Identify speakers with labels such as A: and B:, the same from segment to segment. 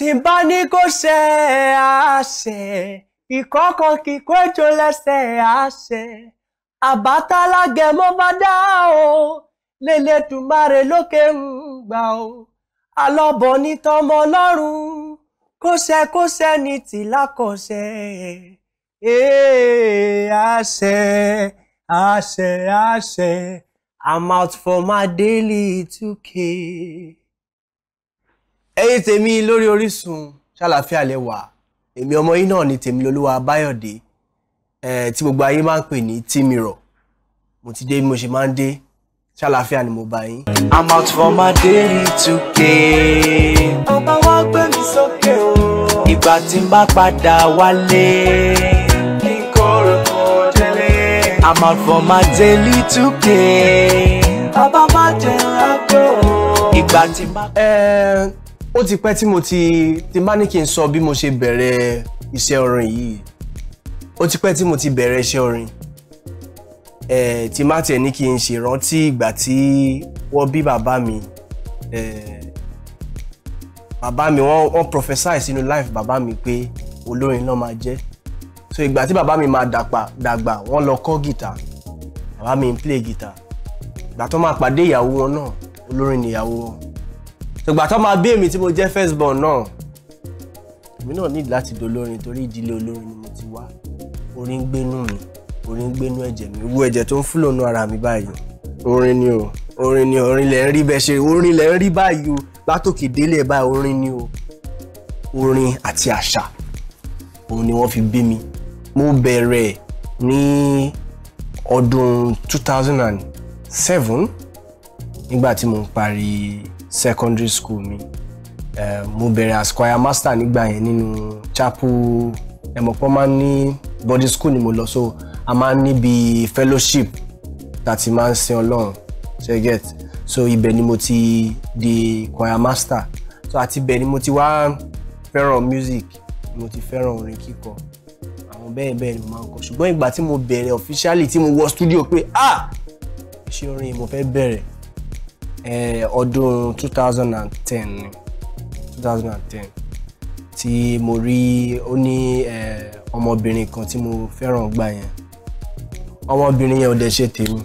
A: tí bá ní kó ṣe àṣẹ ìkọ́kọ̀ kíkó ètò lẹ́sẹ̀ àṣẹ àbátalágẹ mo bá dá o lélẹ̀ tùmárẹ̀ lókè ń gbà o alọ́bọ̀ ní tọmọ ọlọ́run kóṣẹ́kóṣẹ́ ní tìlákọ̀ṣẹ́ ee àṣẹ àṣẹ àṣẹ I'm out for my daily 2k ẹ̀yin tèmi lórí Orísun ṣàlàfíà lẹ èmi ọmọ yìí náà ni tèmi lolúwa Báyọ̀dé tí gbogbo ayé máa ń pè ní tímìrọ mo ti dé bí mo ṣe máa ń dé ṣàlàfíà ni mo bá yín. I'm out for my daily 2K. ọba wa gbé mi sókè o. ìgbà tí n bá padà wálé. kí n kó rògbò délé. I'm out for my daily 2K. bàbá má jẹun àgbo. ìgbà tí n bá ó ti pẹ́ tí mo ti ti bá ní kí n sọ bí mo ṣe bẹ̀rẹ̀ iṣẹ́ orin yìí ó ti pẹ́ tí mo ti bẹ̀rẹ̀ iṣẹ́ orin ẹ̀ má tiẹ̀ ní kí n ṣèrántí ìgbà tí wọ́n bí bàbá mi bàbá mi wọ́n wọ́n sínú life bàbá mi pé olórin náà máa jẹ́ so ìgbà tí bàbá mi máa dàgbà wọ́n lọ kọ́ gìtà bàbá mi ń play gìtà ìgbà tó máa pàdé ìyàwó wọn náà olórin ni ìyàwó wọn ìgbà tó máa bí èmi tí mo jẹ́ first born náà èmi náà need láti dolórin torí ìdílé olórin ni mo ti wá orin ń gbénú mi orin ń gbénú ẹ̀jẹ̀ mi wú ẹ̀jẹ̀ tó ń fúlònú ara mi báyìí orin ni o orin ni orin lẹ̀ ń rí bẹ́ẹ̀ ṣe orin lẹ̀ ń rí báyìí o látòkè délé ẹ̀ báyìí orin ni o orin àti àṣà òun ni wọ́n fi bí mi mo bẹ̀rẹ̀ ní ọdún 2007 nígbà tí mo ń parí secondary school mi eh, mo bẹ̀rẹ̀ as choir master nígbà yẹn nínú chapel ẹ̀mọ̀pọ̀ máa ń ní body school ni mo lọ so a máa ń níbi fellowship tàti máa ń sin ọlọ́run ṣe get so ibẹ̀ ni mo ti di choir master so àti ibẹ̀ ni mo ti wá fẹ́ràn music mo ti fẹ́ràn orin kíkọ àwọn bẹ́ẹ̀ bẹ́ẹ̀ ni mo máa ń kọ ṣùgbọ́n ìgbà tí mo bẹ̀rẹ̀ officially tí mo wọ studio pé ah ṣé orin mo fẹ́ bẹ̀rẹ̀ Eh, ọdún 2010, 2010, and ten ni two thousand and ten tí mo rí ó ní eh, ọmọbìnrin kan tí mo fẹ́ràn gbà yẹn ọmọbìnrin yẹn ò dẹ̀ ṣe tèmi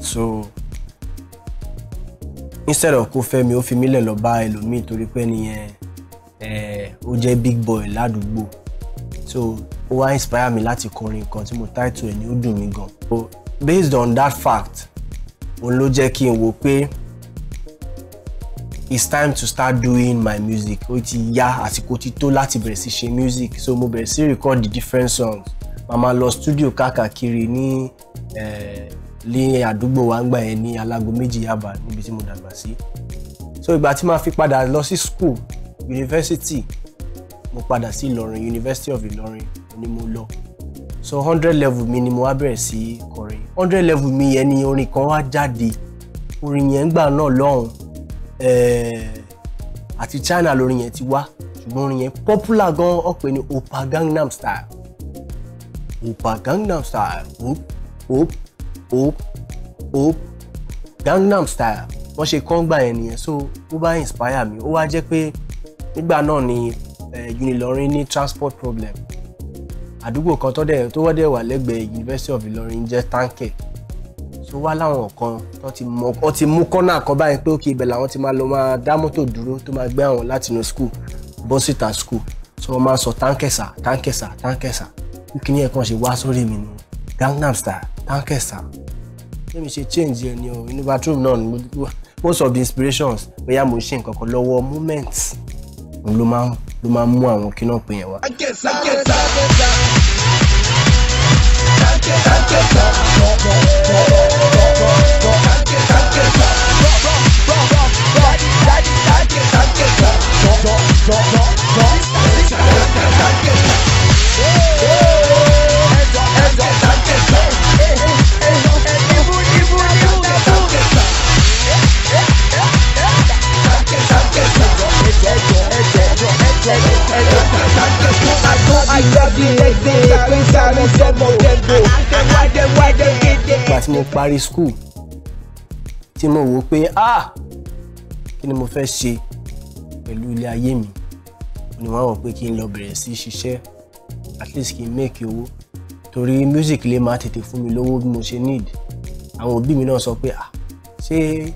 A: so instead of kó fẹ́ mi ó fi mí lẹ̀ lọ bá ẹlòmíì torí pé nìyẹn eh, ó jẹ́ big boy ládùúgbò so ó wá inspire mi láti kọrin kan tí mo title ẹ̀ ní ó dùn mí gan so based on that fact òun ló jẹ́ kí n wò pé it's time to start doing my music ó ti yá àsìkò ti tó láti bẹ̀rẹ̀ sí ṣe music so mo bẹ̀rẹ̀ sí record the different songs màmá lọ studio káàkiri ní eh, ní àdúgbò wa ń gbà yẹn ní alágo méjì yaba níbi tí mo dàgbà sí so ìgbà tí màá fi padà lọ sí school university mo padà sí Ìlọrin University of Ìlọrin ni mo lọ so hundred level mi ni mo wá bẹ̀rẹ̀ sí kọrin hundred level mi yẹn ni orin kan wá jáde orin yẹn gbà náà lọ́hùn eh, àti China lórin yẹn ti wá ṣùgbọ́n orin yẹn popular gan ó pè opa Gangnam Style opa Gangnam Style op op op op Gangnam Style wọ́n ṣe kọ́ gbà yẹn nìyẹn so ó bá inspire mi ó wá jẹ́ pé nígbà náà ni eh, Unilorin ní transport problem àdúgbò kan tó dẹ̀ tó wọ́n dẹ̀ wà lẹ́gbẹ̀ẹ́ University of Ilorin jẹ́ tanke tó wá láwọn kan wọ́n ti mú kọ́nà kan báyìí pé òkè ibẹ̀ làwọn ti máa lọ máa dá mọ́tò dúró tó máa gbé àwọn láti inú school bọ́ síta school tó wọ́n máa sọ tankẹ̀sà tankẹ̀sà tankẹ̀sà kíkí ní ẹ̀kan ṣe wá sórí mi nù Gangnam Style tankẹ̀sà lẹ́mi ṣe change ẹni o inú bathroom náà ni most of the inspirations bóyá mo ṣe nǹkan kan lọ́wọ́ moment ló máa ń ló máa ń mú àwọn kí náà pè yẹn wá. àjẹsà àjẹsà tí mo parí school tí mo wò pé ah kí ni mo fẹ́ ṣe pẹ̀lú ilé ayé mi ni wọ́n wọ̀ pé kí n lọ bẹ̀rẹ̀ sí ṣiṣẹ́ at least kí n make owó torí music lè máa tètè fún mi lówó bí mo ṣe need àwọn òbí mi náà sọ pé ah ṣé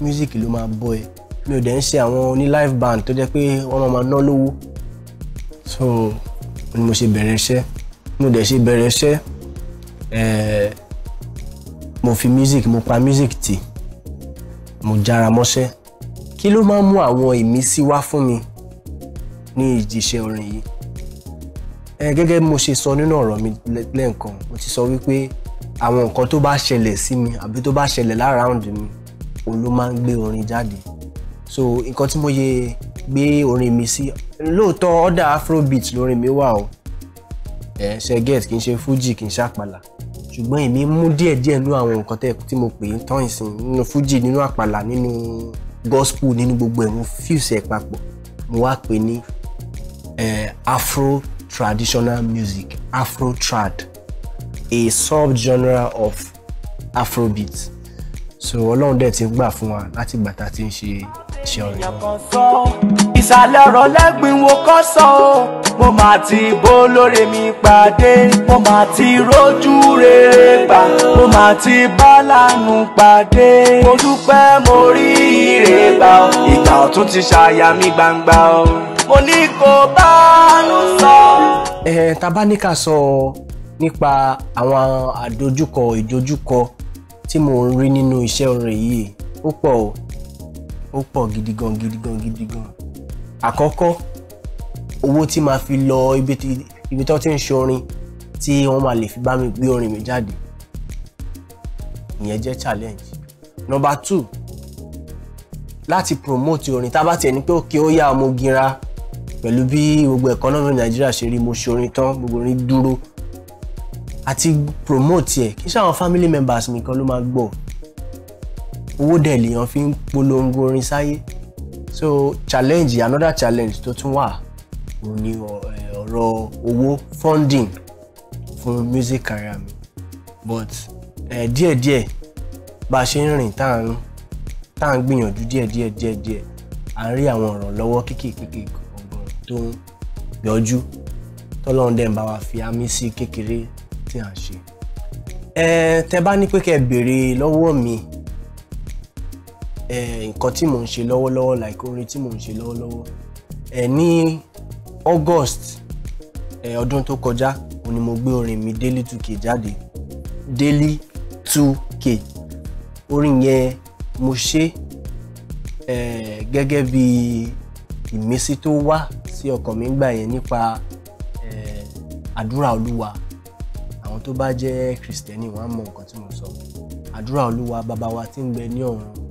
A: music ló máa bọ́ ẹ mi ò dẹ̀ ń ṣe àwọn oní live band tó jẹ́ pé wọ́n máa ná lówó so ni mo ṣe bẹ̀rẹ̀ iṣẹ́ mo dẹ̀ ṣe bẹ̀rẹ̀ iṣẹ́ eh, mo fi music mo pa music ti, mo jára mọ́ṣẹ́ kí ló máa ń mú àwọn ìmísí wá fún mi ní ìjìṣẹ́ orin yìí ẹ gẹ́gẹ́ mo ṣe sọ nínú ọ̀rọ̀ mi lẹ́ẹ̀kan mo ti sọ wípé àwọn nǹkan tó bá ṣẹlẹ̀ sí mi àbí tó bá ṣẹlẹ̀ láàráùndì mi òun ló máa ń gbé orin jáde so nǹkan tí mo yẹ gbé orin mi sí lóòótọ́ ọ̀dà afrobeat lórin mi wà o ẹ̀ ṣe get kì í ṣe fuji kì í ṣe ṣùgbọ́n èmi mú díẹ̀ díẹ̀ nínú àwọn nǹkan tẹ́ tí mo pè é tán ìsìn nínú fújì nínú àpàlà nínú gospel nínú gbogbo ẹ̀ mo fíùsì ẹ̀ papọ̀ mo wá pè ní eh, afro traditional music afro trad a sub-genre of afrobeat so ọlọ́run dẹ̀ ti ń gbà fún wa láti gbà tá a ń ṣe iṣẹ́ ọ̀rẹ́ ìsàlẹ̀ ọ̀rọ̀ lẹ́gbìn wo kọ́ sọ o mo máa ti bó lóore mi pàdé mo máa ti rójú rere gbà mo máa ti bá lánàá pàdé mo dúpẹ́ mo rí ire gbà o ìgbà ọ̀tún ti ṣàyà mi gbangba o mo ní kó bá ló sọ. ẹ tá ní ká sọ nípa àwọn àdojúkọ ìdojúkọ tí mo ń rí nínú iṣẹ́ orin yìí ó pọ̀ ó pọ̀ gidi gan gidi àkọ́kọ́ owó tí màá fi lọ ibi tó ti ń ṣorin tí wọ́n máa lè fi bá mi gbé orin mi jáde ìyẹn jẹ́ challenge number two láti promote orin tá a bá tiẹ̀ ní pé òkè ó yá ọmọ gira pẹ̀lú bí gbogbo economy Nàìjíríà ṣe rí mo ṣorin tán gbogbo orin dúró àti promote ẹ̀ kí sáwọn family members nìkan ló máa gbọ́ owó dẹ̀ lèèyàn fi ń polongo orin sáyé so challenge another challenge tó tún wà òun ni eh, ọ̀rọ̀ owó funding fún music career mi but eh, díẹ̀díẹ̀ bá a ṣe ń rìn tá à ń tá à ń gbìyànjú díẹ̀díẹ̀ díẹ̀díẹ̀ à ń rí àwọn ìrànlọ́wọ́ kéékèèké ọ̀gbọ̀n tó ń yọjú tọ́lọ́run dẹ̀ ń bá wa fi àmì sí kékeré tí à ń ṣe. ẹ eh, tẹ bá ní pé kẹ́ ẹ béèrè lọ́wọ́ mi Eh, nǹkan tí mò ń ṣe lọ́wọ́lọ́wọ́ like orin tí mò ń ṣe lọ́wọ́lọ́wọ́ eh, ní August eh, ọdún tó kọjá òun ni mo gbé orin mi Daily 2K jáde Daily 2K orin yẹn mo ṣe gẹ́gẹ́ bí ìmísí tó wá sí ọkàn mi gbà yẹn nípa àdúrà olúwa àwọn tó bá jẹ́ kristẹni wọ́n á mọ nǹkan tí mo sọ àdúrà olúwa bàbá wa tí ń bẹ ní ọ̀run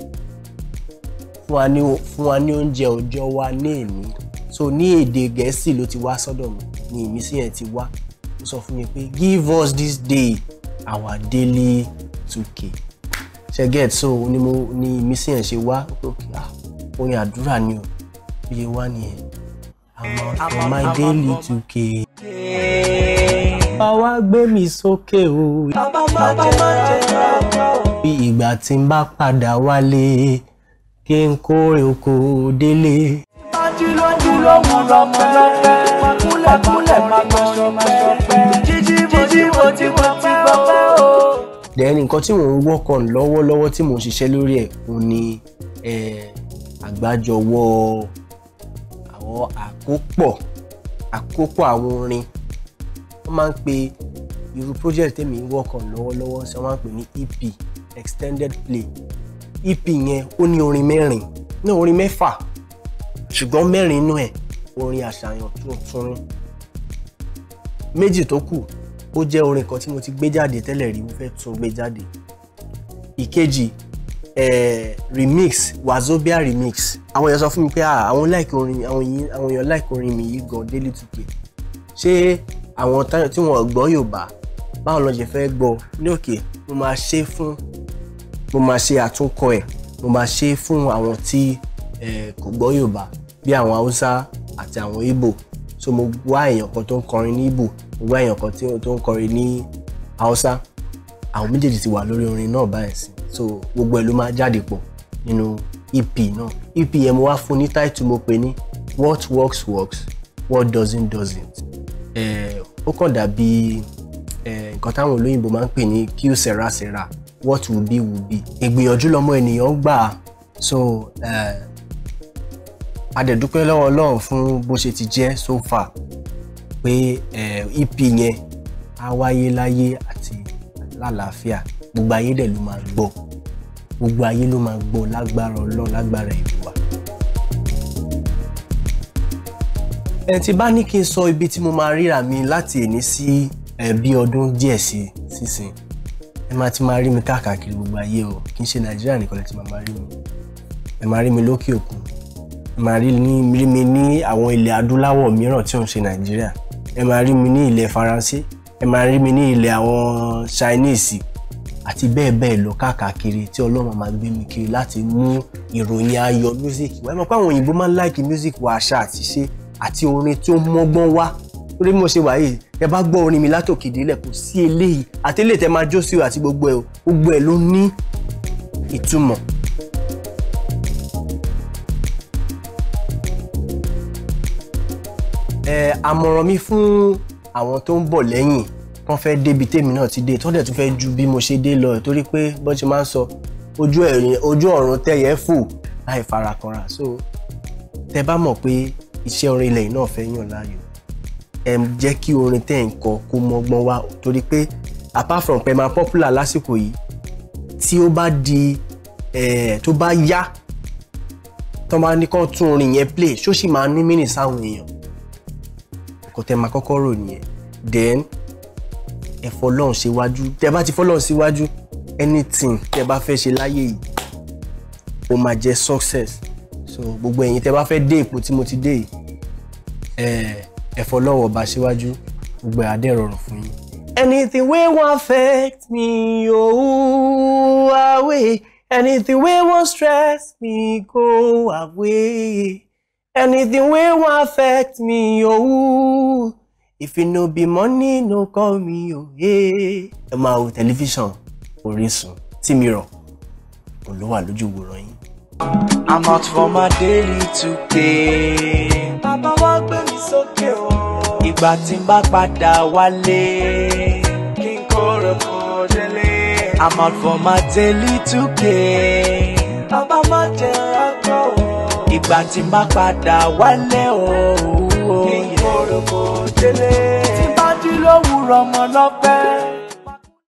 A: fún wa ní oúnjẹ òòjọ́ wa ní èmi so ní èdè gẹ̀ẹ́sì ló ti wá sọ́dọ̀ mi ní ìmísí yẹn ti wá ó sọ fún mi pé give us this day our daily 2k ṣe get so ni mo ní ìmísí yẹn ṣe wá ah, orin àdúrà ni o iye wá nìyẹn amount my daily 2k. bàbá wa gbé mi sókè o. bàbá bàbá má o. bí ìgbà tí n bá padà wálé kí n kórè oko délé. bájúlọ jùlọ mo lọmọ lọpẹ pakúlẹkúlẹ pàtàkì pẹpẹ jíjí jíjí mo ti mo ti gbọpẹ o. then nǹkan tí mò ń work on lọ́wọ́lọ́wọ́ tí mò ń ṣiṣẹ́ lórí ẹ̀ òun ni àgbájọwọ́ àwọn àkópọ̀ àkópọ̀ àwọn orin wọ́n máa ń pe irú project tèmi work on lọ́wọ́lọ́wọ́ sọ wọ́n máa ń pè ní EP extended play EP yẹn ó ní orin mẹ́rin ní orin mẹ́fà ṣùgbọ́n mẹ́rin inú ẹ̀ orin àṣàyàn tuntun méjì tó kù ó jẹ́ orin kan tí mo ti gbé jáde tẹ́lẹ̀ rí mo fẹ́ tún gbé jáde ìkejì eh, remix wazobia remix àwọn èèyàn sọ fún mi pé ah, àwọn like orin àwọn yìí àwọn èèyàn like orin mi yìí gan daily two k ṣé àwọn tí wọn gbọ́ Yorùbá báwo lọ ṣe fẹ́ gbọ́ ní òkè mo máa ṣe fún mo máa ṣe àtúnkọ ẹ̀ mo máa ṣe é fún àwọn tí kò gbọ́ Yorùbá bí àwọn Haúsá àti àwọn Ìgbò so mo wá èèyàn kan tó ń kọrin ní Ìgbò mo wá èèyàn kan tó ń kọrin ní Haúsá àwọn méjèèjì ti wà lórí orin náà báyìí sí so gbogbo ẹ̀ ló máa jáde pọ̀ nínú EP náà EP yẹn mo wá fún ní táìtù mo pè ní what works works what doesn't doesn't ó kàn dàbí nǹkan táwọn olóyìnbó máa ń pè ní kí ó sẹ̀ra sẹ̀ra what will be will be ìgbìyànjú lọmọ ènìyàn gbà so eh, adẹ̀dúpẹ́ lọ́wọ́ ọlọ́run fún bó ṣe ti jẹ́ so far pé ep eh, e yẹn á wáyé láyé àti lálàáfíà gbogbo ayé dẹ̀ ló máa gbọ́ gbogbo ayé ló máa gbọ́ lágbára ọlọ́run lágbára ìlú ẹ ti bá ní kí n sọ ibi tí mo máa ríra mi láti èní sí eh, bí ọdún díẹ̀ sí sísìn. Si, si, si ẹ máa ti máa rí mi káàkiri gbogbo ayé o kì í ṣe nàìjíríà nìkan lè ti máa máa rí mi ẹ máa rí mi lókè òkun ẹ máa rí mi ní àwọn ilẹ̀ adúláwọ̀ mìíràn tí ò ń ṣe nàìjíríà ẹ máa rí mi ní ilẹ̀ faransé ẹ máa rí mi ní ilẹ̀ àwọn chinese àti bẹ́ẹ̀ bẹ́ẹ̀ lọ káàkiri tí ọlọ́run máa gbé mi kiri láti mú ìròyìn ayọ̀ music wá ẹ mọ̀ pé àwọn òyìnbó máa ń láìkì music wa àṣà àti ṣe àti orin tó mọ́gbọ́n wá torí mo ṣe wà yìí ẹ bá gbọ́ orin mi látòkè délẹ̀ kò sí eléyìí àti eléyìí tẹ máa jó sí o àti gbogbo ẹ o gbogbo ẹ ló ní ìtumọ̀. ẹ àmọ̀ràn mi fún àwọn tó ń bọ̀ lẹ́yìn kan fẹ́ débi tèmi náà ti dé tó dẹ̀ tún fẹ́ ju bí mo ṣe dé lọ torí pé bọ́n ṣe máa ń sọ ojú ẹ̀rìn ojú ọ̀run tẹ̀yẹ fò láì farakanra so tẹ bá mọ̀ pé iṣẹ́ orin ilẹ̀ yìí náà fẹ́ yàn láàyò ẹ jẹ́ kí orin tẹ́ ẹ̀ ń kọ kó mọ́gbọ́n wá torí pé apart from pé máa popular lásìkò yìí tí ó bá di eh, tó bá yá tó bá ní kán tún orin yẹn play ṣó sì máa ní mínì sáwọn èèyàn kò tẹ́ máa kọ́kọ́ rò nìyẹn then ẹ fọlọ́run síwájú tẹ́ bá ti fọlọ́run síwájú anything tẹ́ bá fẹ́ ṣe láyé yìí ó máa jẹ́ success so gbogbo ẹ̀yin tẹ́ bá fẹ́ dé ipò tí mo ti dé yìí ẹ̀fọ́ lọ́wọ́ bá síwájú gbogbo àdé rọrùn fún yín. anything wey wan affect me oh away anything wey wan stress me go away anything wey wan affect me oh if e no be money no call me oh. ẹ máa wo tẹlifíṣàn Orísun tí mi rọ̀ kò ló wà lójú ìwòran yín. I'm out for my daily today. Bàbá wa gbé mi sókè o ìgbà tí n bá padà wálé. kí n kóró kó délé. I'm out for my daily 2 bàbá má jẹ ọkọ o. ìgbà tí n bá padà wálé o. kí n kóró kó délé. tí bá dín lówùrọ̀ mọ́ lọ́pẹ́.